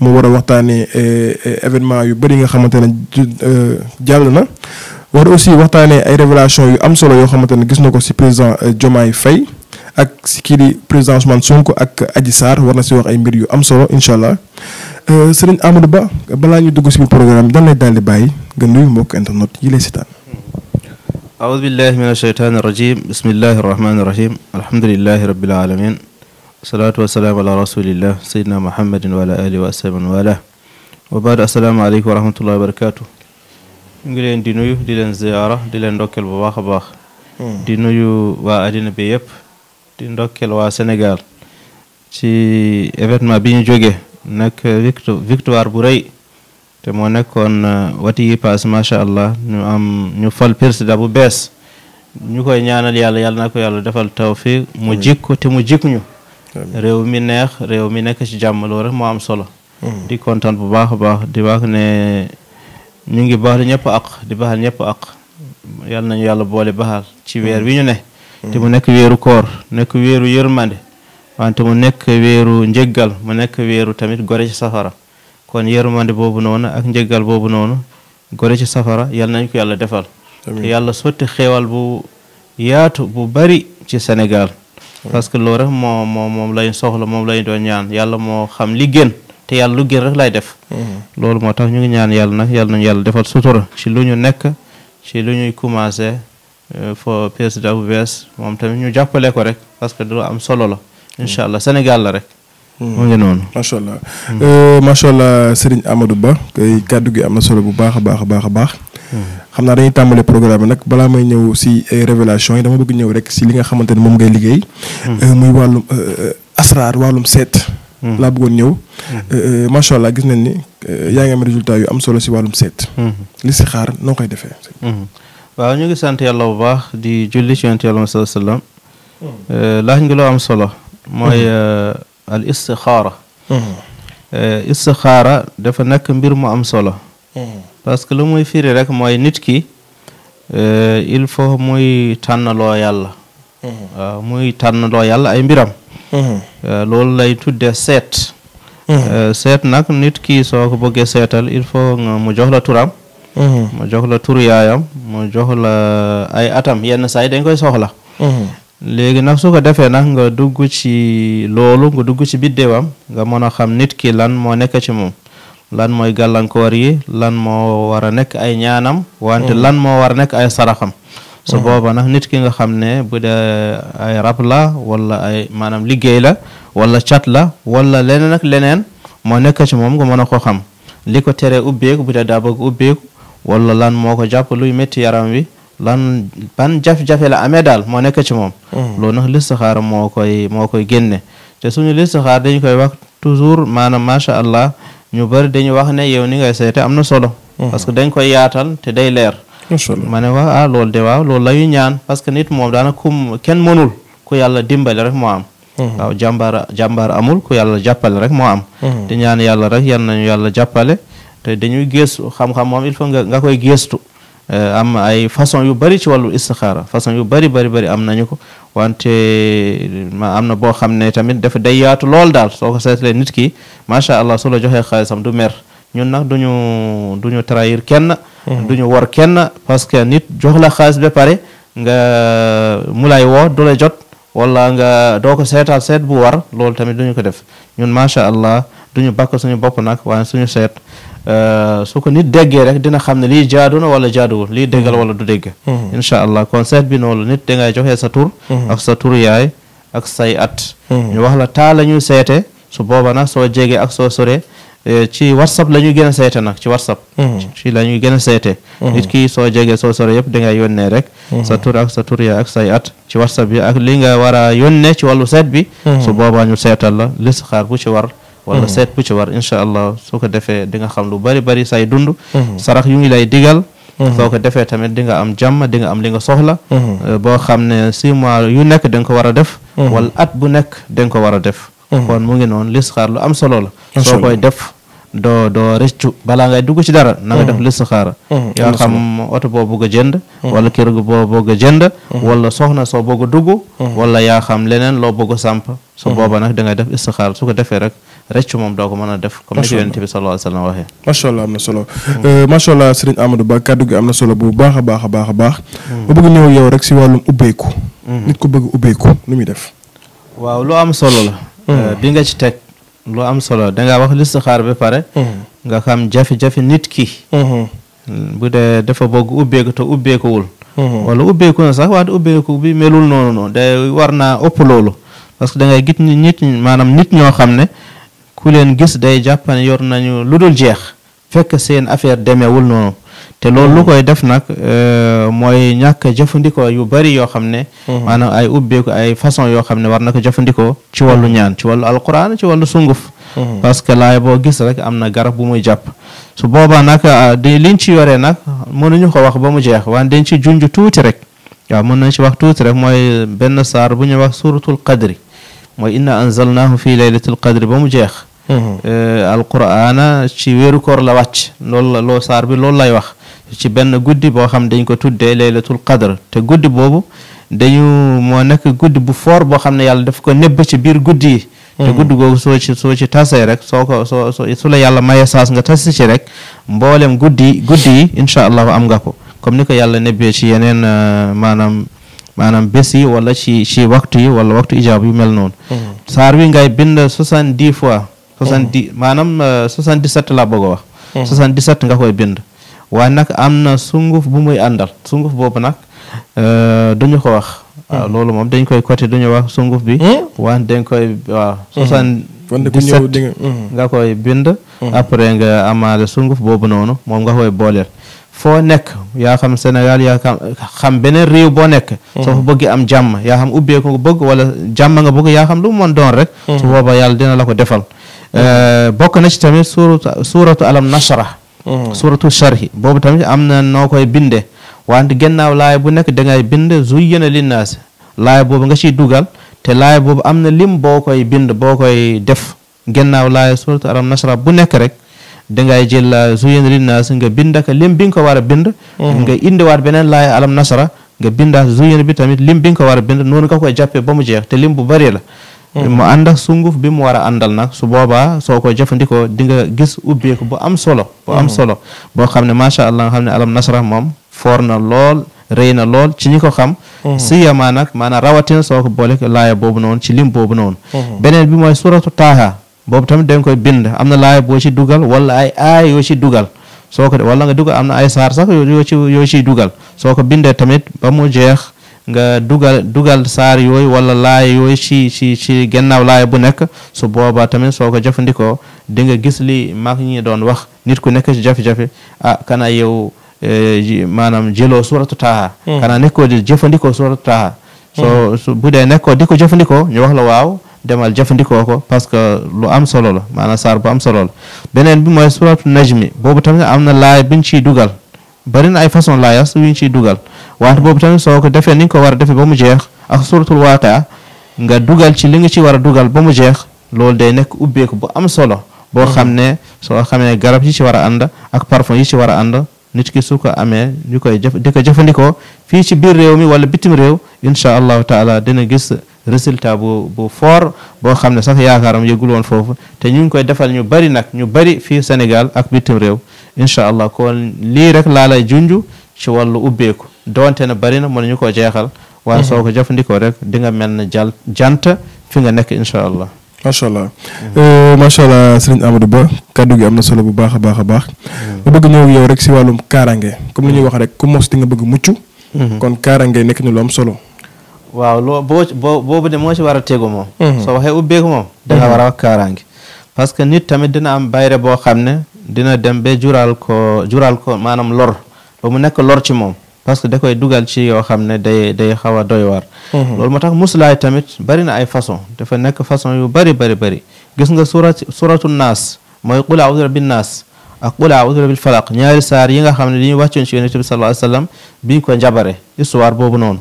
mu war a waxtaanee euh, euh, événement yu bëri nga xamante ne euh, jàll na war aussi waxtaanee ay révélation yu am solo yoo xamante ne gis na ko si président Diomaye fay ak si kii di président Ousmane Sonko ak Adji Sarr war na si wax ay mbir yu am solo incha allah sëriñ Amadou Ba balaa ñu dugg si biir programme dan lay daal di bàyyi nga nuyu mbokk internet yi lay sitaan aoudu billahi min alsheytani irajim bismillahi arrahmani irrahim alhamdulilahi rabil alamin salaatu wasalaam ala rasulillah sayidna muhammadin wa ala alihi wa ashabi man wala wa baad assalaamu aleykum wa rahmatullahi wa barakatu ñu ngi leen di nuyu di leen ziyaara di leen ndokkeel bu baax a baax hmm. di nuyu waa àddina bi yëpp di ndokkeel waa Sénégal ci événement bi ñu jógee nekk victoire bu rëy te moo nekkoon euh, wati yi paas macha allah ñu am ñu fal président bu bees ñu koy ñaanal yàlla yàlla na ko yàlla defal tawfiq mu jikko te mu jikk ñu réew mi neex réew mi nekk ci jàmm loolu rek moo am solo. Hmm. di kontaan bu baax a baax di wax ne ñu ngi baax ñëpp ak di baaxal ñëpp ak yal nañu yàlla boole baxal ci weer wi ñu ne. Hmm. te mu nekk weeru koor nekk weeru yërmande wante mu nekk weeru njëggal mu nekk weeru tamit gore safara kon yërmande boobu noonu ak njëggal boobu noonu gore ci safara yal nañ ko yàlla defal. te yàlla sotti xéewal bu yaatu bu bari ci senegal parce que loolu rek moo moom moom lañ soxla moom lañ doon ñaan yàlla moo xam li gën te yàlla lu gën rek lay def mm-hmm. loolu moo tax ñu ngi ñaan yàlla nag yàlla nañu yàlla defal sutura ci lu ñu nekk ci lu ñuy commencé euh, fo président bu bees moom tamit ñu jàppale ko rek parce que du am solo la mm-hmm. incha allah Sénégal la rek moo mm-hmm. ngi noonu macha allah euh, macha allah Ba kay kàddu gi am na solo bu baax a baax a baax a baax xamna dañuy tàmbale programme nak bala may ñëw ci ay révélation dama bëgg ñëw rek ci li nga xamanteni mom ngay liggéey. muy walum asrar walum set la bëggoon ñëw. macha allah gis nañ ni yaa ngi am résultat yu am solo ci walum set li ci xaar no koy défé waaw ñu ngi sant yàlla bu baax di julli ci yonent yàlla sallallahu alayhi wasallam. laaj nga loo am solo. moy al istixaara. istikhara dafa nekk mbir mu am solo. Eh. parce que lu muy firi rek mooy nit ki eh, il faut muy tànnaloo yàlla eh. waaw muy tànnaloo yàlla ay mbiram loolu lay tudde seet seet nag nit ki soo ko bëggee seetal il faut nga mu jox la turam mu jox la tur yaayam mu jox ay atam yenn saa dañ koy soxla léegi nag su ko nag nga dugg loolu nga dugg ci biddéewam nga mën a xam nit ki lan moo nekk ci lan mooy gàllankoor yi lan moo war a nekk ay ñaanam wante mm. lan moo war a ay saraxam su mm. booba nag nit ki nga xam ne bu ay rab la wala ay maanaam liggéey la wala cat la wala leneen leneen moo nekk ci moom nga mën xam li ko teree ubbeeku bu dee daa bëgg ubbeeku wala lan moo ko jàpp métti yaram wi lan ban jafe-jafe la amee daal moo nekk moom mm. loolu nag listixaar moo koy moo koy génne te suñu listixaar koy wax toujours maanam macha allah ñu bari dañu wax ne yow ni seete am na solo mhm. parce que dañ koy yaatal te day leer ma ne waaw ah de waaw loolu la ñu ñaan parce que nit moom daana kum kenn mënul ku yàlla dimbale rek moo am mhm. waaw jàmbaar jàmbaar amul ku yàlla jàppale rek moo am mhm. di ñaan yàlla rek yan nañu yàlla jàppale te dañuy gëstu xam-xam il faut nga koy gëstu Eh, am ay façon yu bari ci wàllu istixaara façon yu bari bari bari am nañu ko wante ma am na boo xam ne tamit dafa day yaatu lool daal soo ko seetlee nit ki macha allah su la joxee xaalisam du mer ñun nag duñu duñu trahir kenn hmm. duñu war kenn parce que nit jox la xaalis ba pare nga mu woo du jot walla nga doo ko seetal seet bu war loolu tamit duñu ko def ñun macha allah duñu bakk suñu bopp nag waaye suñu seet Euh, su ko nit déggee rek dina xam ne lii jaadu na wala jaaduwul lii déggal wala du dégg hmm. incha allah concert bi noonu nit da ngay joxe sa tur hmm. ak sa tur yaay ak say at hmm. ñu wax la taa la ñu seete su booba nag soo jegee ak soo soree euh, ci whatsapp lañuy ñuy gën a seete nag ci whatsapp ci la ñuy gën a seete nit ki soo jegee soo soree yëpp da ngay yónnee rek sa tur ak sa yaay ak say at ci whatsapp bi ak li nga war a ci wàllu seet bi su boobaa ñu la listixaar bu ci war wala set bu ci war inshallah soko defé di nga xam lu bari bari say dundu hmm. sarax yu ngi lay digal hmm. soko defé tamit di nga am jam di nga am li nga soxla hmm. eh, bo xamné 6 mois yu nek da ko wara def wala at bu nek da ko wara def kon mu ngi lis listixaar lu am solo la soko def do do rëccu bala ngay dugg ci dara na nga def listixaara ya xam auto bo bu ga jënd wala kër bo bo ga jënd wala soxna so bo a dugg wala ya xam leneen lo bo a samp so boba nak da nga def istixaara su ko defé rek rëcc moom doo ko mën a def. comme ni ko yonent bi sallallahu alayhi wa sallam waxee. macha allah am na solo euh, macha allah sëriñ Amadou Ba kàddu gi am na solo bu baax a baax a baax a baax. Hmm. ma bëgg ñëw yow rek si wàllum ubbeeku. Hmm. nit ko bëgg ubbeeku nu muy def. waaw lu am solo la. Hmm. Euh, bi nga ci teg lu am solo da ngaa wax listixaar ba pare. nga xam jafe-jafe nit ki. bu dee dafa bëgg ubbeeku te ubbeekuwul. wala ubbeeku na sax waaye ubbeeku bi melul noonu noonu day war naa ëpp loolu parce que da ngay gis nit ñi maanaam nit ñoo xam ne. ku leen gis day jàpp ne yor nañu lu dul jeex fekk seen affaire demeewul noonu te loolu lu koy def nag euh, mooy ñàkk jëfandikoo yu bari yoo xam ne mhm. maanaam ay ubbeeku ay façon yoo xam ne war na ko jëfandikoo ci wàllu ñaan ci wàllu alquran ci wàllu sunguf mhm. parce que boo gis rek am na garab bu muy jàpp su boobaa nag euh, di liñ ci yoree nag mënuñu ko wax ba mu jeex wan dañ ci junj tuuti rek waaw mën nañ ci wax tuuti rek mooy benn saar bu ñuy wax suratul qadri mooy in anzalnahu mu jeex Eh, alqur'aana ci weeru koor la wacc loolu la loo saar bi loolu lay wax ci benn guddi boo xam dañ ko tuddee laylatul qadr te guddi boobu dañu moo nekk guddi bu foor boo xam ne yàlla def ko nëbb ci biir guddi yi te hmm. guddi googu soo ci soo ci tasee rek soo ko soo su la yàlla maye saas nga tasi ci rek mboolem guddi guddi yi incha allahu am nga ko comme ni ko yàlla nebbee ci yeneen eh, maanaam maanaam bés yi wala ci ci waxtu yi wala waxtu ijaab yu mel noonu hmm. saar wi ngay bind soixante-dix 70 maanaam 77 euh, laa bëgg a wax. 77 hmm. nga koy bind. waaye nag am sunguf bu muy àndal sunguf boobu nag euh, duñu ko wax. waaw hmm. loolu moom dañ koy côté duñu wax sunguf bi. Hmm? waaw dañ koy waaw. 77 nga koy bind. après nga amaale sunguf boobu noonu moom nga koy booleel. foo nekk yaa xam Sénégal yaa xam beneen réew boo nekk soo fa bëgg am jàmm yaa xam ubbeeku nga bëgg wala jàmm nga bëgg yaa xam lu mu doon rek su booba yàlla dina la ko defal bokk na ci tamit suuratu suuratu alam nashrah mm-hmm. suuratu sharhi boobu tamit am na noo koy binde wante gennaaw laay bu nekk da ngay bind zuyyina linnaas laay boobu nga ciy dugal te laay boobu am na lim boo koy bind boo koy def gennaaw laay suuratu alam nashrah bu nekk rek da ngay jël zuyyina linnaas nga bind ak lim bi nga ko war a bind mm-hmm. nga indiwaat beneen laay alam nashrah nga bindaat zuyyina bi tamit lim bi nga ko war a bind noonu nga koy jàppee ba mu jeex te lim bu bari la Mm-hmm. mu ànd sunguf bi mu war a àndal nag su boobaa soo ko jëfandikoo di nga gis ubbeeku bu am solo bu am mm-hmm. boo xam ne macha allah nga xam ne alam nasra moom foor na lool rëy na lool ci ñi ko xam mm-hmm. si yamaa nag maanaam rawatina soo ko boole laaya boobu noonu ci lim boobu noonu beneen bi mooy suratu taaha boobu tamit dañ koy bind am na laaya boo ci dugal wala ay aay yoo ci dugal soo ko wala nga dugal am na ay saar sax yoo ci yoo ciy dugal tamit ba mu jeex nga dugal dugal saar yooyu wala laay yooyu ci ci ci gannaaw laay bu nekk su boobaa tamit soo ko jëfandikoo di nga gis li mag ñi doon wax nit ku nekk ci jafe-jafe ah kana yow eh, maanaam jëloo suratu taaha hmm. kana nekkoo di jëfandikoo suratu taaha hmm. bu dee nekkoo di ko jëfandikoo ñu wax la waaw demal jëfandikoo ko parce que lu am solo la maanaam saar bu am solo la beneen bi mooy suratu najmi boobu tamit am na laay biñ ciy dugal bari na ay façon laayas yu ñu ciy dugal waat boobu tamit soo ko defee ni ko war a defee ba mu jeex ak suratul a nga dugal ci li nga ci war a dugal ba mu jeex loolu day nekk ubbeeku bu am solo boo xam ne soo xamee garab yi ci war a ànd ak parfum yi ci war a ànd nit ki su ko amee ñu koy jëf di jëfandikoo fii ci biir réew mi wala bitim réew incha allahu taala dina gis résultat bu bu fort boo xam ne sax yaakaaram yëgul woon foofu te ñu ngi koy defal ñu bari nag ñu bari fii Sénégal ak bitim réew incha allah kon lii rek laa lay junju ci wàllu ubbeeku doonte na bari na ñu koo jeexal waaye mhm. soo ko jafandikoo rek di nga mel na jal jant fi nga nekk incha allah mhm. euh, macha allah macha allah sëriñ Amadou Ba kaddu gi am na solo bu baax a baax a baax ma mhm. bëgg ñëw yow rek si wàllum kaaraange comme ni ñuy wax rek ku mos di nga bëgg mucc kon kaaraange nekk na lu am solo waaw loo boo boo boobu de moo ci war a tegu moom soo waxee ubbeeku moom da nga war a wax kaaraange parce boo xam ne dina dem ba jural ko jural ko maanaam lor ba mu nekk lor ci moom parce que da koy dugal ci yoo xam ne day day xaw doy war mhm. loolu moo tax muslaay tamit bari na ay façon dafa nekk façon yu bari bari bari gis nga surat suratu naas mooy qul a'udhu bi rabbi naas ak qul a'udhu bi rabbil falaq ñaari saar yi nga xam ne li ñu wàccoon ci yonent bi sallallahu alayhi wasallam biñ ko njabare histoire boobu noonu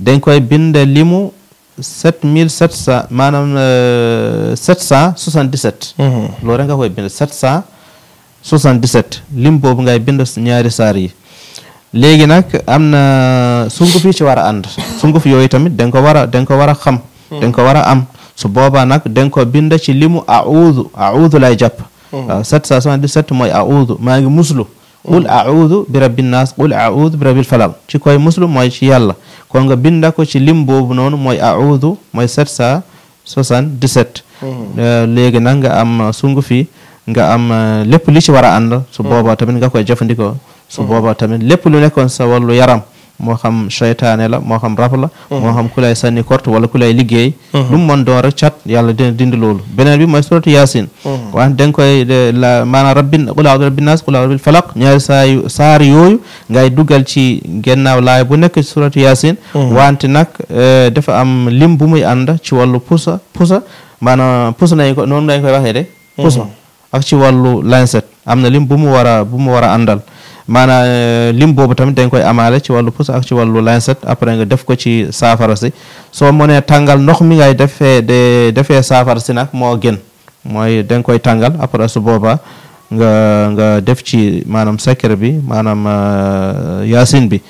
dañ koy binde limu 7700 maanaam 777 euh, mhm. loolu rek nga koy bind 700 77 lim boobu ngay bind ñaari saar yi léegi nag am na sunguf yi ci war a ànd sunguf yooyu tamit da nga ko war a da ko war a xam hmm. da ko war a am su boobaa nag da ko bind ci limu audu audu lay jàpp waaw hmm. ah, 777 mooy audu maa ngi muslu a hmm. audu bi rabbi naas qul audu bi rabbil falaq ci koy muslu mooy ci yàlla kon nga binda ko ci lim boobu noonu mooy audu mooy 777 ah, léegi nag nga am sunguf yi nga am eh, lépp li ci war a ànd su mm. boobaa tamit nga koy jëfandikoo su mm. boobaa tamit lépp lu nekkoon sa wàllu yaram moo xam seytaane la moo xam rab la mm. moo xam ku lay sànni kort wala ku lay liggéey mm-hmm. lu mu mën doon rek cat yàlla dina dindi loolu beneen bi mooy suratu yaasin mm-hmm. waaye da bi rabbin nas qul a'udhu bi rabbil falaq ñaari saayu saar yooyu ngay dugal ci gennaaw laay bu nekk ci suratu yaasin mm-hmm. wante nag eh, dafa am lim bu muy ànd ci wàllu pusa pusa maanaam pusa nañ ko noonu koy waxee de ak ci wàllu lancet am na lim bu mu war a bu mu war a àndal maanaam eh, lim boobu tamit dañ koy amaale ci wàllu pousse ak ci wàllu lancet après nga def ko ci saafara si soo mënee tàngal ndox mi ngay defe de defee saafara si nag moo gën mooy dañ koy tàngal après su boobaa nga nga def ci maanaam secret bi maanaam eh, yaasin bi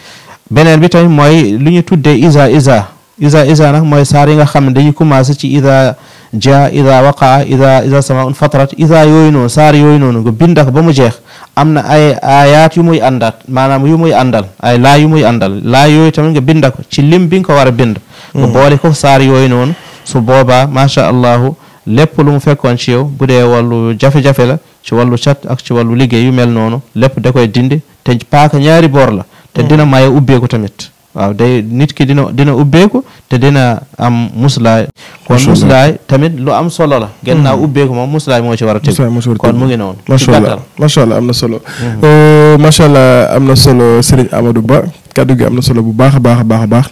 beneen bi tamit mooy lu ñu tuddee isa isa isa isa nag mooy saar yi nga xam ne dañuy ci isa jaa ida waqaa ida sama samaun fatarat ida yooyu noonu saar yooyu noonu nga bind ko ba mu jeex am na ay ayaat yu muy àndaat maanaam yu muy àndal ay laa yu muy àndal laa yooyu tamit nga bind ko ci lim bi nga ko war a bind nga mm. boole ko saar yooyu noonu su boobaa macha allahu lépp lu mu fekkoon ci yow bu dee wàllu jafe-jafe la ci wàllu cat ak ci wàllu liggéey yu mel noonu lépp da koy dindi te paaka ñaari boor la te mm. dina maye ubbeeku tamit waaw day nit ki dina dina ubbeeku te dina am muslaay kon muslaay tamit lu am solo la hmm. gannaaw ubbeeku moom muslaay moo ci war a teg kon mu ngi noonu macha allah macha am na solo hmm. euh, macha allah am na solo Serigne Amadou Ba kaddu gi am na solo bu baax a baax a baax a baax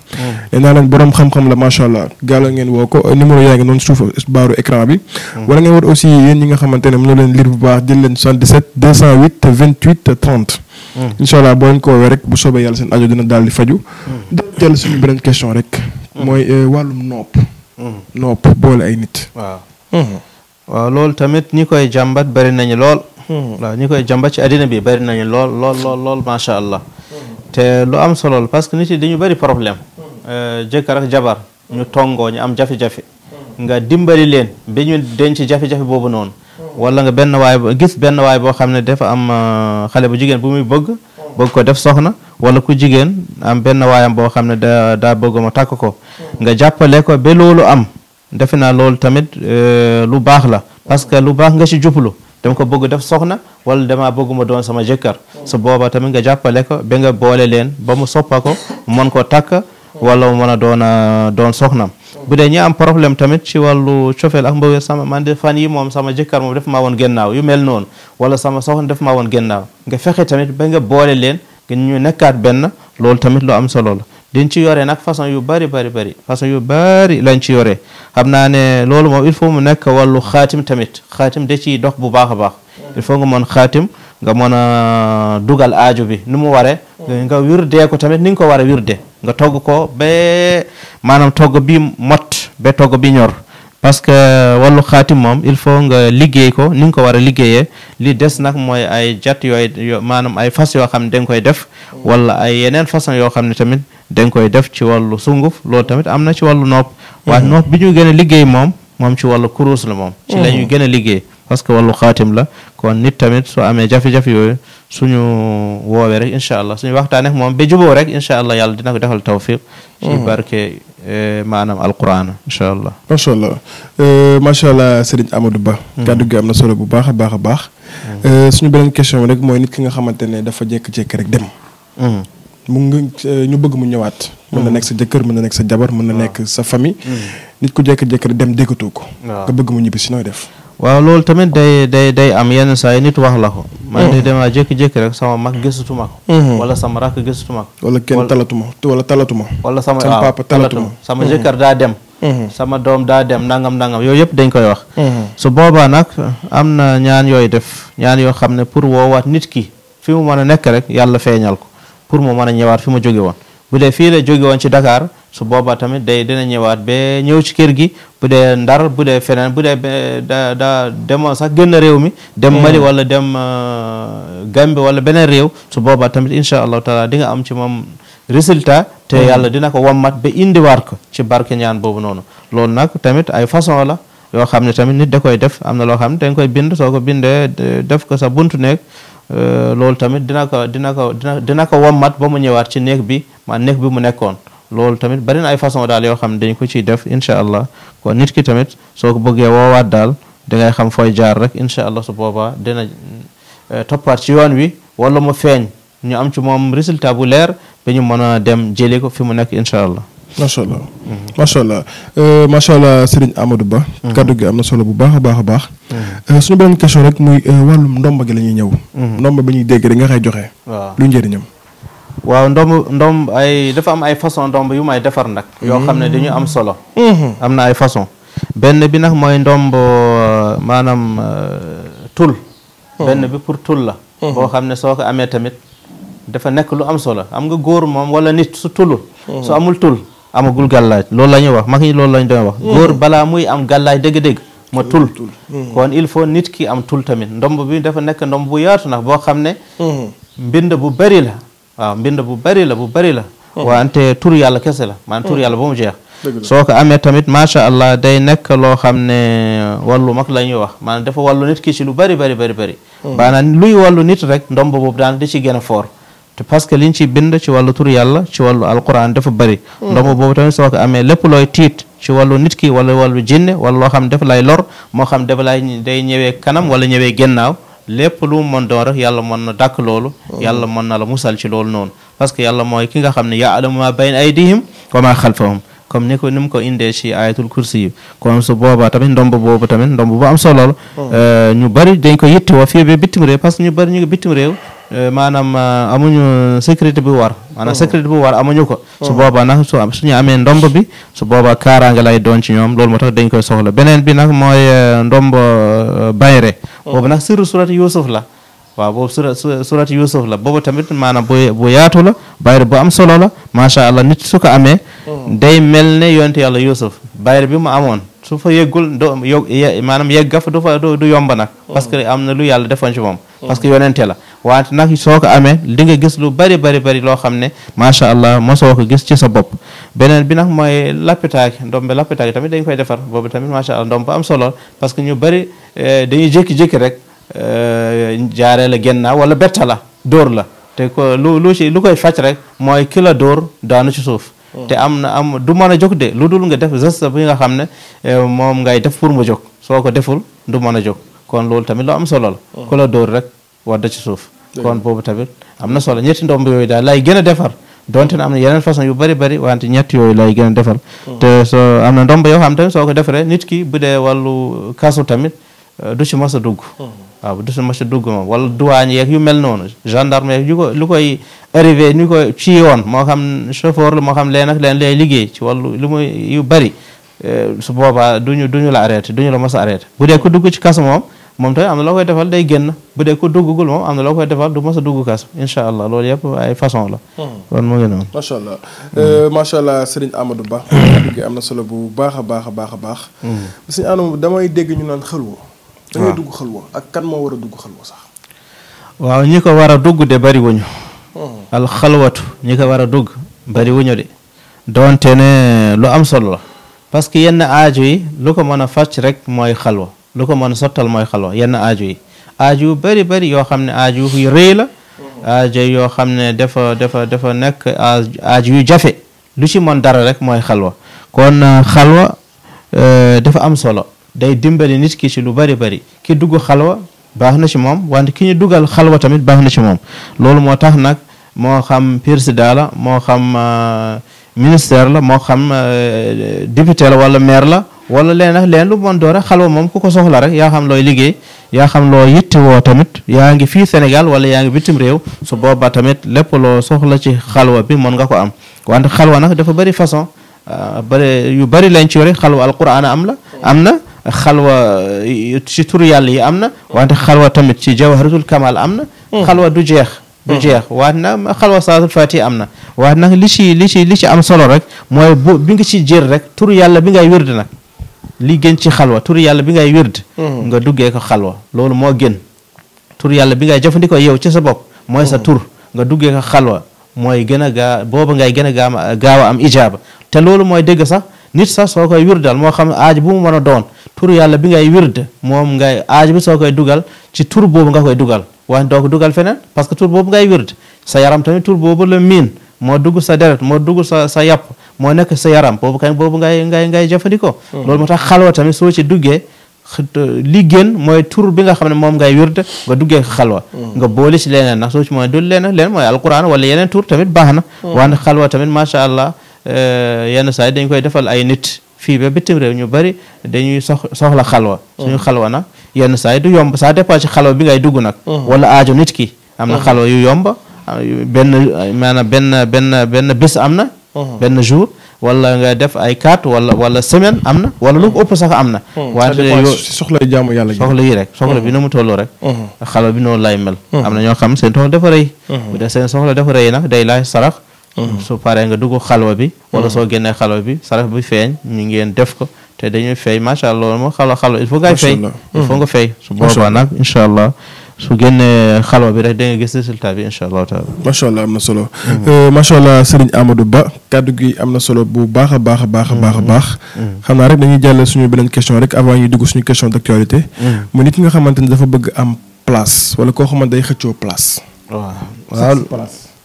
naa leen borom xam-xam la macha allah gaaloo ngeen woo ko numéro yaa ngi noonu suuf baaru écran bi hmm. wala ngeen war aussi yéen ñi nga xamante ne mën leen lire bu baax jël leen 77 208 28 30 Mm. incha allah boo leen ko woowee rek bu soobee yàlla seen ajo dina daal di faju mm. daal jël suñu beneen question rek. Mm. mooy euh, wàllum nopp. nopp boole ay nit. waaw. Mm-hmm. waaw loolu tamit ñi koy jàmbat bari nañu lool. Mm-hmm. waaw koy jàmbat ci addina bi bari nañu lool lool lool lool macha allah. Mm-hmm. te lu am solo parce que nit yi dañu bari problème. Euh, jëkkër ak jabar ñu tongoo ñu am jafe-jafe. nga dimbali leen ba ñu denc jafe-jafe boobu noonu. wala nga benn waay bo gis benn waay boo xam ne dafa am euh, xale bu jigéen bu muy bëgg bëgg ko def soxna wala ku jigéen am benn waayam boo xam ne da daa bëgg ma tàkk ko nga jàppale ko ba loolu am defe naa loolu tamit euh, lu baax la parce que lu baax nga ci jublu dama ko bëgg def soxna wala dama bëgg ma doon sama jëkkër su booba tamit nga jàppale ko ba nga boole leen ba mu soppa ko mën ko takk wala mu mën a doon euh, doon soxnam bu dee ñi am problème tamit ci wàllu cofeel ak mbëggeel sama man de fan yi moom sama jëkkër moom def maa woon gennaaw yu mel noon wala sama soxna def maa woon gennaaw nga fexe tamit ba nga boole leen nga ñu nekkaat benn loolu tamit lu am solo la dañ ci yore nag façon yu bari bari bari façon yu bari lañ ci yore xam naa ne loolu moom il faut mu nekk wàllu xaatim tamit xaatim da ciy dox bu baax a baax il faut nga mën xaatim nga mën a dugal aajo bi nu mu waree mm. nga wirdee ko tamit ni nga ko war a wirde nga togg ko ba maanaam togg bi mot ba togg bi ñor parce que wàllu xaatim moom il faut nga liggéey ko ni nga ko war a liggéeyee li des nag mooy ay jat yooyu maanaam ay fas yoo xam ne danga koy def mm. wala ay yeneen façon yoo xam ne tamit danga koy def ci wàllu sunguf loolu tamit am na ci wallu nopp waaye mm. nopp bi ñu gën liggéey moom moom ci wàllu kurus la moom ci la ñuy liggéey parce que wallu xaatim la kon nit tamit soo amee jafe-jafe yooyu suñu woowee rek incha allah suñu waxtaan ak moom ba juboo rek incha allah yàlla dina ko defal tawfiq ci mm. barke eh, maanaam alquran incha allah. macha allah eh, macha allah Serigne Amadou Ba. Mm. kàddu gi am na solo bu baax a baax a baax. Mm. Eh, suñu beneen question rek mooy nit ki nga xamante ne dafa jékki-jékki rek dem. mu ngi ñu bëgg mu ñëwaat. mun na nekk sa jëkkër mën na nekk sa jabar mën na nekk sa famille. nit ku jékki-jékki dem déggatoo ko. nga bëgg mu ñibbi si nooy def. waaw loolu tamit day day day am yenn saa yi nit wax la ko. man de mm-hmm. damaa jékki-jékki rek sama mag gisatuma ko. Mm-hmm. wala sama rakk gisatuma ko. wala kenn talatuma wala talatuma. wala sama sama papa talatuma sama mm-hmm. jëkkër daa dem. sama doom daa dem nangam nangam yooyu yëpp dañ koy wax. su boobaa nag am na ñaan yooyu def ñaan yoo xam ne pour woowaat nit ki fi mu mën a nekk rek yàlla feeñal ko pour mu mën a ñëwaat fi ma jóge woon bu dee fii la jóge woon ci dakaar su boobaa tamit day dina ñëwaat be ñëw ci kër gi bu dee ndar bu dee feneen bu dee da da demoon sax génn réew mi dem eh. Mali wala dem euh, Gambie wala beneen réew su boobaa tamit incha allahu taala di nga am ci moom résultat te hmm. yàlla dina ko wammat ba indiwaat ko ci barke boobu noonu loolu nag tamit ay façon la yoo xam ne tamit nit da koy def am na loo xam ne da koy bind soo ko bindee def ko sa buntu néeg euh, loolu tamit dina ko dina ko dina dina ko wammat ba mu ñëwaat ci néeg bi ma néeg bi mu nekkoon loolu tamit bari ay façon daal yoo xam ne dañ ko ciy def incha allah kon nit ki tamit soo ko bëggee woowaat daal dangay xam fooy jaar rek incha allah su boobaa dina eh, toppaat ci yoon wi wala mu feeñ ñu am ci moom résultat bu leer ba ñu mën a dem jëlee ko fi mu nekk incha allah. macha allah mhm. macha allah euh, macha allah Serigne Amadou Ba. Mhm. kaddu gi am na solo bu baax a baax a baax. Mhm. Euh, suñu beneen question rek muy euh, wàllum ndomba gi la ñuy ñëw. ndomba bi ñuy dégg rek nga koy joxe. waaw lu njëriñam. waaw ndomb ndomb ay dafa am ay façon ndomb yu may defar nag. yoo xam ne dañu am mm-hmm. solo. Mm-hmm. am na ay façon benn bi nag mooy ndomb euh, maanaam euh, tul. Mm-hmm. benn bi pour tul la. boo xam ne soo ko amee tamit dafa nekk lu am solo am nga góor moom wala nit su tulul. su amul tul amagul gàllaaj loolu la ñuy wax mag ñi loolu la ñu wax. góor balaa muy am gàllaaj dëgg-dëgg. ma tul kon il faut nit ki am tul tamit ndomb bi dafa nekk ndomb bu yaatu nag boo xam ne. mbind bu bari la. waaw mbind bu bari la bu bari la hmm. wante tur yàlla kese la maanaam tur hmm. yàlla ba mu jeex soo ko amee tamit macha allah day nekk loo xam ne wàllu mag la ñuy wax maanaam dafa wàllu nit ki ci lu bari bari bari bari hmm. luy wàllu nit rek ndomb boobu daan di ci gën a fort te parce que liñ ci bind ci tur yàlla ci wàllu alquran dafa bari ndomb boobu tamit soo ko amee lépp looy tiit ci wàllu nit ki wala wallu jinne loo xam ne dafa lay lor moo xam dafa lay day ñëwee kanam wala ñëwee gennaaw lépp lu mu mën doon rek yàlla mën na dàkk loolu oh. yàlla mën na la musal ci loolu noonu parce que yàlla mooy ki nga xam ne yaalamu ma bayna aydihim wa ma xalfahum comme ni ko ni mu ko indee ci ayatul kursi yi kon su boobaa tamit ndomb boobu tamit ndomb bu am solo la oh. euh, ñu bari dañ ko yitti woo fii ba bitim réew parce que ñu bari ñu ngi bitim réew euh, maanaam euh, amuñu sécurité bi war maanaam oh. sécurité bu war amuñu ko oh. su boobaa nag su ñu amee ndomb bi su boobaa kaaraange lay doon ci ñoom loolu moo tax dañ koy soxla beneen bi nag mooy ndomb bayre boobu nag siru surat yusuf la waaw boobu sura surat Yusuf la boobu tamit maanaam bu bu yaatu la bayre bu am solo la macha allah nit su ko amee. Mm. day mel ne yonent yàlla Yusuf bayre bi ma amoon su fa yeggul do maanaam yegga fa du fa du yomb nag. Mm. parce que am na lu yàlla defoon ci moom. Mm. parce que yonente la wante nag soo ko amee di nga gis lu bari bari bari loo xam ne macha allah mosoo ko gis ci sa bopp. beneen bi nag mooy lappitaaki ndombe lappitaaki tamit dañ koy defar boobu tamit macha allah ndomb am solo parce que ñu eh, rek. Euh, jaaree la gennaaw wala betta la dóor la te ko lu lu ci lu koy faj rek mooy ki la dóor daanu ci suuf hmm. te am na am du mën a jóg de lu dul nga def geste bi nga xam ne euh, moom ngay def pour mu jóg soo ko deful du mën a jóg kon loolu tamit lu am solo la hmm. ku la dóor rek wadda ci suuf kon boobu tamit am na solo ñetti ndomb yooyu daal lay gën a defar donte na am façon yu bari bari wante ñett yooyu lay gën a defar hmm. te na ndomb yoo xam tamit soo ko defaree nit ki bu dee wàllu kasu tamit euh, du ci mos a waaw bu dusu ma si dugg moom wala douane yeeg yu mel noonu gendarme yeeg yu ko lu koy arrivé ci yoon moo xam chauffeur la moo xam leen ak leen lay liggéey ci wàllu lu muy yu bëri eh, su boobaa duñu duñu la arrêté duñu la mos a bu dee ku dugg ci kaso moom moom tamit am na loo koy defal bu dee ku duggagul moom am na loo koy defal du mos a dugg kaso incha allah loolu yëpp ay façon la. Hmm. kon mu ngi noonu. macha allah hmm. eh, macha allah Serigne Ba. am na solo bu baax a baax a baax a baax. Hmm. Serigne Amadou damay dégg ñu naan xëlwo te ak kan moo war a dugg xalwa sax waaw ñi ko war a dugg de bari wuñu hmm. alxalwatu ñi ko war a dugg bari wuñu de doonte ne lu am solo la parce que yenn aaju yi lu ko mën a fàcc rek mooy xalwa lu ko mën sottal mooy xalwa yenn aaju yi aaju yu bari bari yoo xam ne aaju yu rëy la hmm. aaju yoo xam ne dafa dafa dafa nekk aaju yu jafe lu ci mën dara rek mooy xalwa kon xalwa euh, dafa am solo day dimbali nit ki ci lu bari bari ki dugg xalwa baax na ci moom wante ki ñu dugal xalwa tamit baax na ci moom loolu moo tax nag moo xam président la moo xam euh, ministère la moo xam euh, député la wala meer la wala leen ak leen lu bon doore xalwa moom ku ko soxla rek yaa xam looy liggéey yaa xam loo yittewoo tamit yaa ngi fii Sénégal wala yaa ngi bitim réew su boobaa tamit lépp loo soxla ci xalwa bi mën nga ko am wante xalwa nag dafa bari façon euh, bari yu bari lañ ci yore xalwa alquran am la am na xalwa ci tur yàlla yi am na wante xalwa tamit ci jawharatul kamal am na mm. xalwa du jeex du mm. jeex waat na xalwa salaatul na waat nag li li li ci am solo rek mooy bi nga ci jër rek tur yàlla bi ngay wérd nag li gën ci xalwa tur yàlla bi ngay wérd mm. nga duggee ko xalwa loolu moo gën tur yàlla bi ngay jëfandikoo yow ci sa bopp mooy sa tur nga duggee ko xalwa mooy gën a gaa booba gën a gaaw a am ijaaba te loolu mooy dëgg sax nit sax soo koy wirdal moo xam aaj bu mu mën a doon tur yàlla bi ngay wird moom nga aaj bi soo koy dugal ci tur boobu nga koy dugal waaye doo ko dugal feneen parce que tur boobu ngay wird sa yaram tamit tur boobu la miin moo dugg sa deret moo dugg sa sa yàpp moo nekk sa yaram boobu kañ boobu ngay ngay ngay jëfandikoo hmm. loolu moo tax xalwa tamit soo ci duggee li gën mooy tur bi nga xam ne moom ngay wird nga duggee xalwa hmm. nga boole ci leneen nag soo ci mooy dul leneen leneen mooy alquran yeneen tur tamit baax na hmm. waane xalwa tamit macha allah eh, yenn saa yi dañ koy defal ay nit fii ba bitim réew ñu bari dañuy sox soxla xalwa suñu xalwa nag yenn saa yi du yomb ça dépend ci xalwa bi ngay dugg nag mm-hmm. wala aajo nit ki am na mm-hmm. xalwa yu yomb benn maanaam benn benn benn bés am na mm-hmm. benn jour wala nga def ay quatre wala wala semaine am na wala lu ko ëpp sax am na waate soxla jaamu yàlla soxla yi rek soxla bi na mu tolloo rek xalwa bi noonu lay mel am na ñoo xam seen soxla dafa seen soxla dafa nag day laaj sarax Mm-hmm. su paree nga dugg xalwa bi wala mm-hmm. soo génnee xalwa bi saraf bi feeñ ñu ngeen def ko te dañuy fay macha allah loolu moom xalwa xalwa il faut ngay fay il faut nga fay mm-hmm. su boobaa nag incha allah su génnee xalwa bi rek da résultat bi incha allahu taala macha allah am na solo euh, macha allah Serigne Amadou gi am na solo bu baax a baax a baax baax a xam naa rek dañuy suñu beneen question rek avant ñuy dugg suñu question d'actualité mu nit ki nga xamante ne dafa bëgg am place wala koo xamante day xëccoo place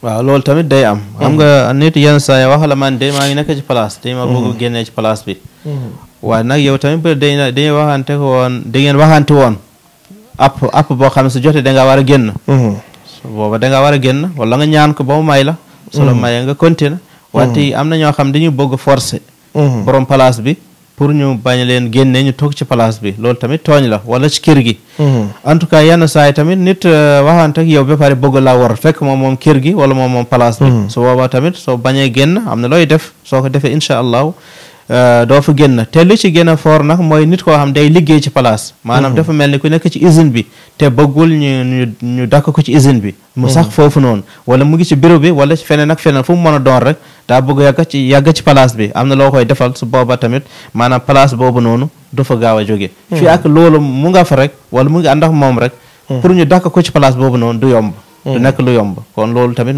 waaw loolu tamit day am xam nga nit yenn saa yi wax la man de maa ngi nekk ci place dañ ma bëgg mm-hmm. génnee ci place bi mm-hmm. waaye nag yow tamit bu dee dañ dañuy waxante woon da ngeen waxante woon app app boo xam ne su jotee da ngaa war a génn mm-hmm. booba da ngaa war a génn wala nga ñaan ko ba mu la su la mayee nga continuer wante am na ñoo xam dañuy bëgg forcer borom place bi pour ñu bañ leen génne ñu toog bi loolu tamit tooñ la wala ci kër gi mhm. en tout cas yenn saa yi tamit nit euh, waxante ak yow ba pare bëgg laa war fekk moom moom kër gi wala moom moom place bi mhm. su boobaa tamit soo bañee génn am na looy def soo defee incha allahu Euh, doo fa génn te lu ci génna foor nag mooy nit koo xam day liggéey ci place maanam mhm. dafa mel ni ku nekk ci usine bi te bëggul ñu ñu dakk ko ci usine bi mu sax mhm. foofu noonu wala mu ngi ci bureau bi wala feneen ak feneen fu mu mën a doon rek daa bëgg yàgg ci yàgg ci place bi am na loo koy defal su booba tamit maanaam place boobu noonu du fa gaaw a jóge mhm. fii ak loolu mu nga fa rek wala mu ngi ànd ak moom rek pour ñu dakk ko ci place boobu noonu du yomb du nekk lu yomb kon loolu tamit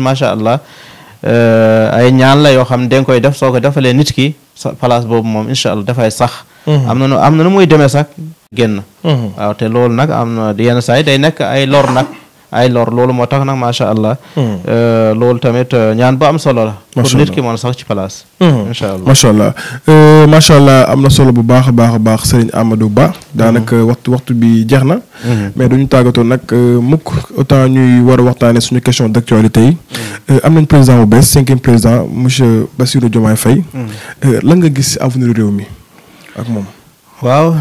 Euh, ay ñaan la yoo xam ne danga koy def soo ko defalee nit ki sa place boobu moom incha allah dafay sax mhm. am na nu am na nu muy demee sax génn mhm. waaw te loolu nag am na yenn saa day nekk ay lor nag ay lor loolu moo tax nag macha allah. Hmm. Euh, loolu tamit euh, ñaan bu am solo la. pour nit ki mën sax ci place. incha hmm. allah macha allah euh, macha allah am na solo bu baax a baax a baax sëriñ Amadou Ba. Hmm. daanaka waxtu waxtu bi jeex na. mais duñu tàggatoo nag mukk autant ñuy war a waxtaanee suñu question d' actualité yi. am nañ président bu bees cinquième président monsieur Bassirou Diomaye Faye. lan nga gis avenir réew mi ak moom. waaw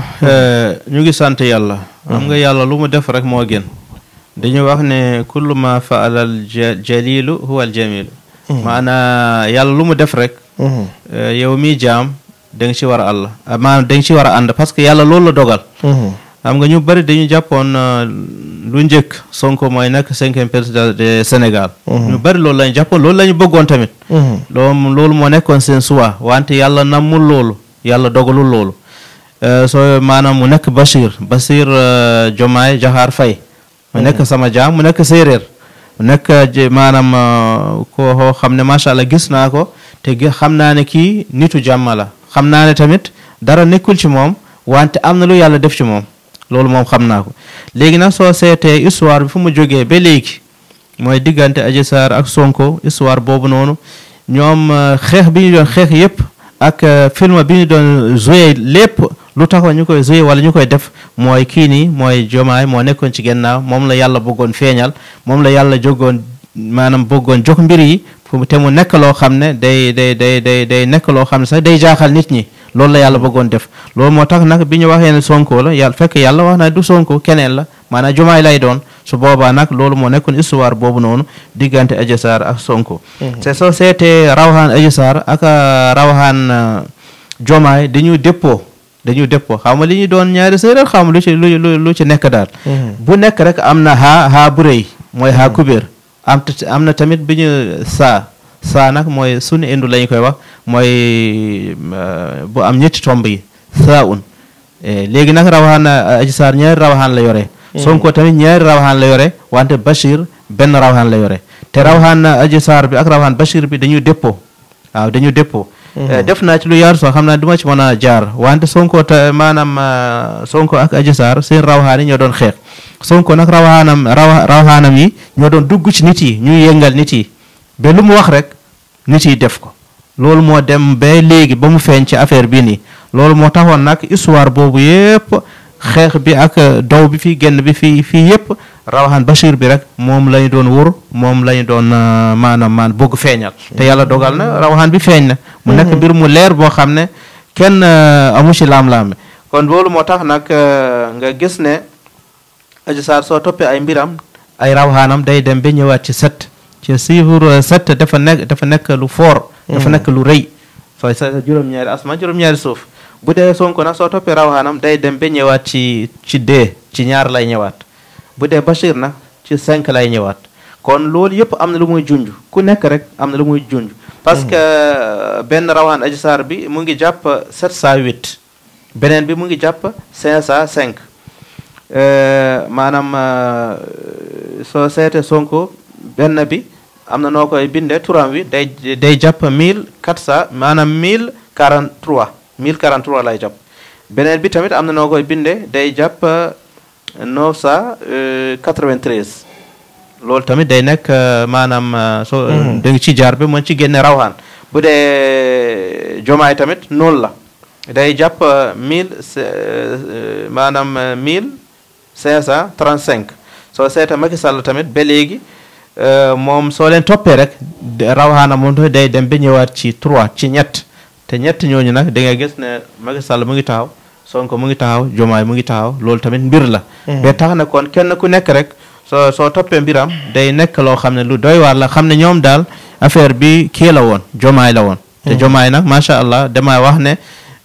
ñu ngi sant yàlla. xam nga yàlla lu mu def rek moo gën. dañu wax ne kullu ma faalal jalilu huwa al jamilu hmm. maanaa yàlla lu mu def rek hmm. eh, yow mi jaam da ci war a àll eh, maanaam da ci war a ànd parce que yàlla loolu la dogal hmm. xam ga ñu bëri dañu jàppoon eh, lu njëkk Sonko mooy nekk cinquième président de Sénégal ñu bëri loolu lañu jàppoon loolu la ñu bëggoon tamit loolu moo nekkoon seen suwa wante yàlla nammul loolu yàlla dogalul loolu soo maanaam mu nekk Bachir Bachir Diomaye Diakhar Faye mu nekk sama jaam mu nekk séeréer mu nekk maanaam uh, ko koo xam ne macha allah gis naa ko te xam naa ne kii nitu jàmm la xam naa ne tamit dara nekkul ci moom wante am na lu yàlla def ci moom loolu moom xam naa ko léegi nag soo seetee histoire fu mu jógee ba léegi mooy diggante Adji Sarr ak Sonko histoire boobu noonu ñoom uh, xeex bi ñu doon xeex yépp ak euh, film bi ñu doon joué lépp lu taxoon ñu koy joué wala ñu koy def mooy kii nii mooy jomaay moo nekkoon ci gannaaw moom la yàlla bëggoon feeñal moom la yàlla jógoon maanaam bëggoon jox mbir yi te mu nekk loo xam ne day day day day day nekk loo xam ne sax day jaaxal nit ñi loolu la yàlla bëggoon def loolu moo tax nag bi ñu waxee ne sonko la yàlla fekk yàlla wax naa du sonko keneen la maanaam jomaa lay doon su boobaa nag loolu moo nekkoon histoire boobu noonu diggante Adji Sarr ak Sonko mhm. te soo seetee rawaxaan Adji Sarr ak euh, rawaxaan Jomaay euh, dañuy déppoo dañuy déppoo xam nga li ñu doon ñaari séeréer xam lu ci lu lu ci nekk daal mhm. bu nekk rek am na xaa xaa bu rëy mooy xaa mhm. kubéer am am na tamit bu ñu saa saa nag mooy sunu indu la koy wax mooy euh, bu am ñetti tomb yi saa un eh, léegi nag rawaxaan Adji Sarr ñaari rawaxaan la yore Mm. Sonko tamit ñaari rawaxaan la yore wante Bachir benn rawaxaan la yore te mm. rawaxaan uh, Adji saar bi ak rawaxaan Bachir bi dañuy dépôt waaw dañuy dépôt mm. eh, def naa ci lu yar sax xam naa du ci mën a jaar wante Sonko te maanaam uh, Sonko ak Adji Sarr seen rawaxaan ñoo doon xeex Sonko nag rawaxaanam rawa rawaxaanam yi ñoo doon dugg ci ñu yi ñuy yëngal nit yi ba mu wax rek nit yi def ko loolu moo dem ba léegi ba mu feeñ ci affaire bii nii loolu moo taxoon nag histoire boobu yépp xeex bi ak euh, daw bi fii génn bi fii fii yépp rawaxaan Bachir bi rek moom lañu doon wóor moom lañ doon euh, maanaam maan bëgg feeñal te yàlla dogal na rawaxaan bi feeñ na mu nekk mhm. mbir mu leer boo xam ne kenn euh, amu ci laam-laame kon loolu moo tax nag nga gis ne Adji Sarr soo toppee ay mbiram ay rawaxaanam day dem ba ñëwaat ci set ci chiffre sept dafa nekk dafa nekk lu fort dafa mhm. nekk lu rëy sooy sa juróom-ñaari asmaan suuf bu dee Sonko nag soo toppee rawaanam day dem ba ñëwaat ci ci deux ci ñaar lay ñëwaat bu dee Bachir na ci cinq lay ñëwaat kon loolu yëpp am na lu muy junj ku nekk rek am na lu muy junj. parce que euh, benn rawaan Adji bi mu ngi jàpp 708 beneen bi mu ngi jàpp 505 euh, maanaam euh, soo seetee Sonko benn bi am na noo koy bindee turam wi day day jàpp 1400 maanaam 1043. 1043 lay jàpp beneen bi tamit am na noo koy binde day jàpp 993 euh, euh, loolu tamit day nekk euh, maanaam soo hmm. da nga ci jaar bi mën ci génne rawaan bu dee jomaay tamit noonu la day jàpp 1000 maanaam 1535 soo seeta Macky Sall tamit ba léegi moom soo leen toppee rek rawaana moom day dem ba ñëwaat ci 3 ci ñett te ñett ñooñu nag da ngay gis ne Macky Sall mu ngi taxaw Sonko mu ngi taxaw Jomaay mu ngi taxaw loolu tamit mbir la. Eh. tax na kon kenn ku nekk rek soo soo toppee mbiram day nekk loo xam ne lu doy waar la xam ne ñoom daal affaire bi kii la woon Jomaay la woon. Eh. te Jomaay nag macha allah damay wax ne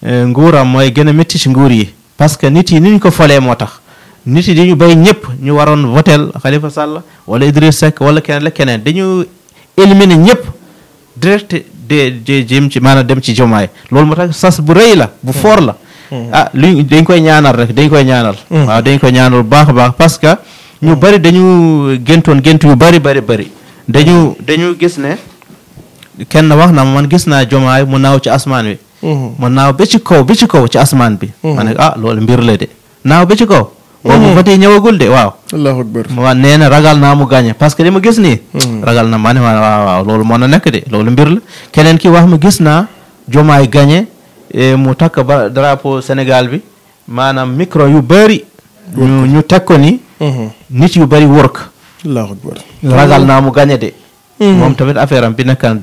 eh, nguuram mooy gën a métti nguur yi. parce que nit yi ni ñu ko folee moo tax. nit yi dañu béy ñëpp ñu waroon votel Khalifa Sall wala Idriss Seck wala keneen la keneen dañu éliminer ñëpp direct de de jëm ci maanaam dem ci jomaay loolu moo tax sas bu rëy la bu hmm. foor la hmm. ah luñ dañ koy ñaanal rek dañ koy ñaanal hmm. dañ koy ñaanal bu baax baax parce que ñu bari dañu géntoon gént yu bari bari bari dañu dañu gis ne kenn wax na man gis naa jomaay mu naaw ci asmaan wi mu naaw ba ci kaw ba ci asmaan bi ma ne ah mbir la de naaw ba ci boobu vote mm-hmm. yi ñëwagul de ragal naa mu gagné parce que li gis ni mm-hmm. ragal na ma ne waaw waaw loolu moo na nekk de loolu mbir la keneen ki wax ma gis naa jomaay gagné e, mu takk ba drapeau Sénégal bi maanaam micro yu bëri. ñu ñu teg ko ni. Mm-hmm. nit yu bëri wër ragal naa mu gagné de. moom tamit affaire bi nekk na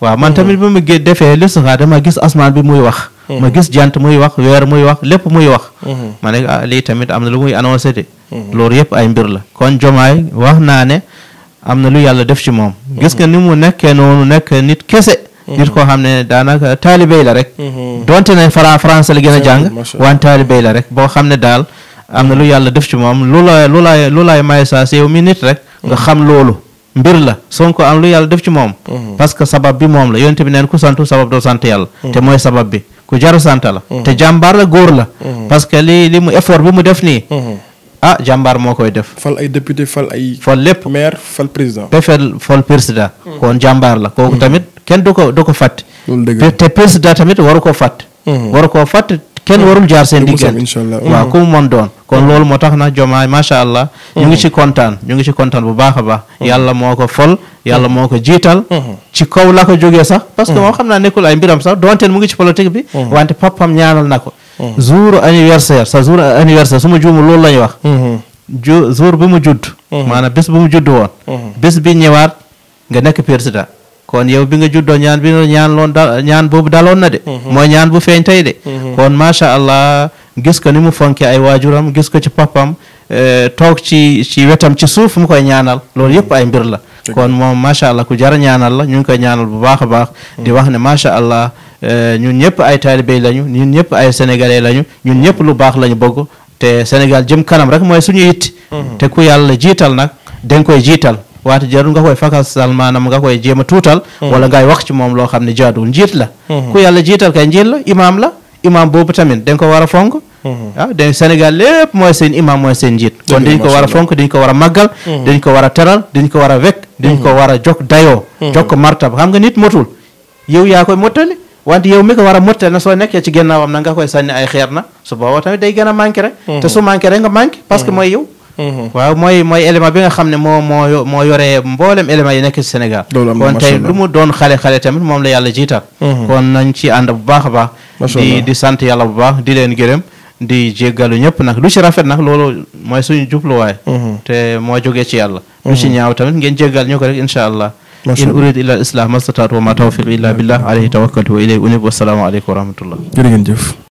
waaw man tamit bi mu defee listixaar dama gis asmaan bi muy wax hmm. ma gis jant muy wax weer muy wax lépp muy wax hmm. ma ne ah, lii tamit am na lu muy annoncé de hmm. loolu yëpp ay mbir la kon jomaay wax naa ne am na lu yàlla def ci moom gis nga ni mu nekkee noonu nekk nit kese nit koo xam ne daanaka taalibéy la rek donte ne fara français la gën a jàng la rek boo xam ne daal am na lu yàlla def ci moom lu la lu laay lu laay may saa si mi nit rek nga xam loolu mbir la Sonko am lu yàlla def ci moom mhm. parce que sabab bi moom la yonent bi neen ku santu sabab doo sant yàlla mhm. te mooy sabab bi ku jaru sant la mhm. te jàmbaar la góor la parce que li li mu effort bi mu def nii ah jàmbaar moo koy def fal ay député fal président kon jàmbaar la kooku tamit kenn du ko du ko fàtte tamit waru ko fàtte waru ko fàtte kenn warul jaar seen diggante incha allah waaw ku mu mën doon kon loolu moo tax na jomaay macha allah ñu ngi mm-hmm. ci kontaan ñu ngi ci kontaan bu baax a baax mm-hmm. yàlla moo ko fol yàlla moo ko jiital mm-hmm. ci kaw la ko jógee sax parce que moom xam naa nekkul ay mbiram sax donte mu ngi ci politique bi wante papam ñaanal na ko jour anniversaire su ma juumul loolu la ñu wax bi mu judd maanaam bés bi mu judd woon bés bi ñëwaat nga nekk président kon yow bi nga juddoo ñaan bi ñaan loon da ñaan boobu daloon na de mm-hmm. mooy ñaan bu feeñ tey de mm-hmm. kon macha allah gis ko ni mu fonke ay waajuram gis ko ci papam eh, toog ci ci wetam ci suuf mu koy ñaanal loolu yëpp ay mbir la kon moom macha allah ku jara ñaanal la ñu ngi koy ñaanal bu baax a baax mm-hmm. di wax ne macha allah eh, ñun ñëpp ay taalibéy lañu ñun ñëpp ay sénégalais lañu ñun ñëpp lu baax lañu bëgg te Sénégal jëm kanam rek mooy suñu it te ku yàlla jiital nag danga koy jiital waate jarul nga koy fakasal maanaam nga koy jéem a tuutal hmm. wala ngay wax ci moom loo xam ne jaaduwul njiit la hmm. ku yàlla jiital kay njiit la imaam la imaam boobu tamit dañ ko war a fonk hmm. ah dañ Sénégal lépp mooy seen imaam mooy ko war a fonk dañ ko war a màggal dañ ko war a teral dañ ko war a wekk dañ ko war a jokk dayoo jokk martaba xam nga nit motul yow yaa koy mottali wante mi ko war a mottali na soo nekkee ci ginnaawam na nga koy sànni ay xeer na su boobaa tamit day gën a rek te mooy yow Mhm. waaw mooy mooy élément bi nga xam ne moo moo moo yore mboolem élément yi nekk ci Sénégal kon tey lu mu doon xale-xale tamit moom la yàlla jiital mhm. kon nañ ci bu baax a di sant yàlla bu baax di leen gërëm di jéggalu ñëpp nag lu ci rafet nag loolu mooy suñu jubluwaay mhm. te moo jógee ci yàlla lu ci ñaaw tamit ngeen jéggal ñu ko rek incha allah in urid illa al islah mastataatu wa ma tawfiq illa billah alayhi tawakkaltu wa ilayhi unib wasalaamu aleykum wa rahmatullah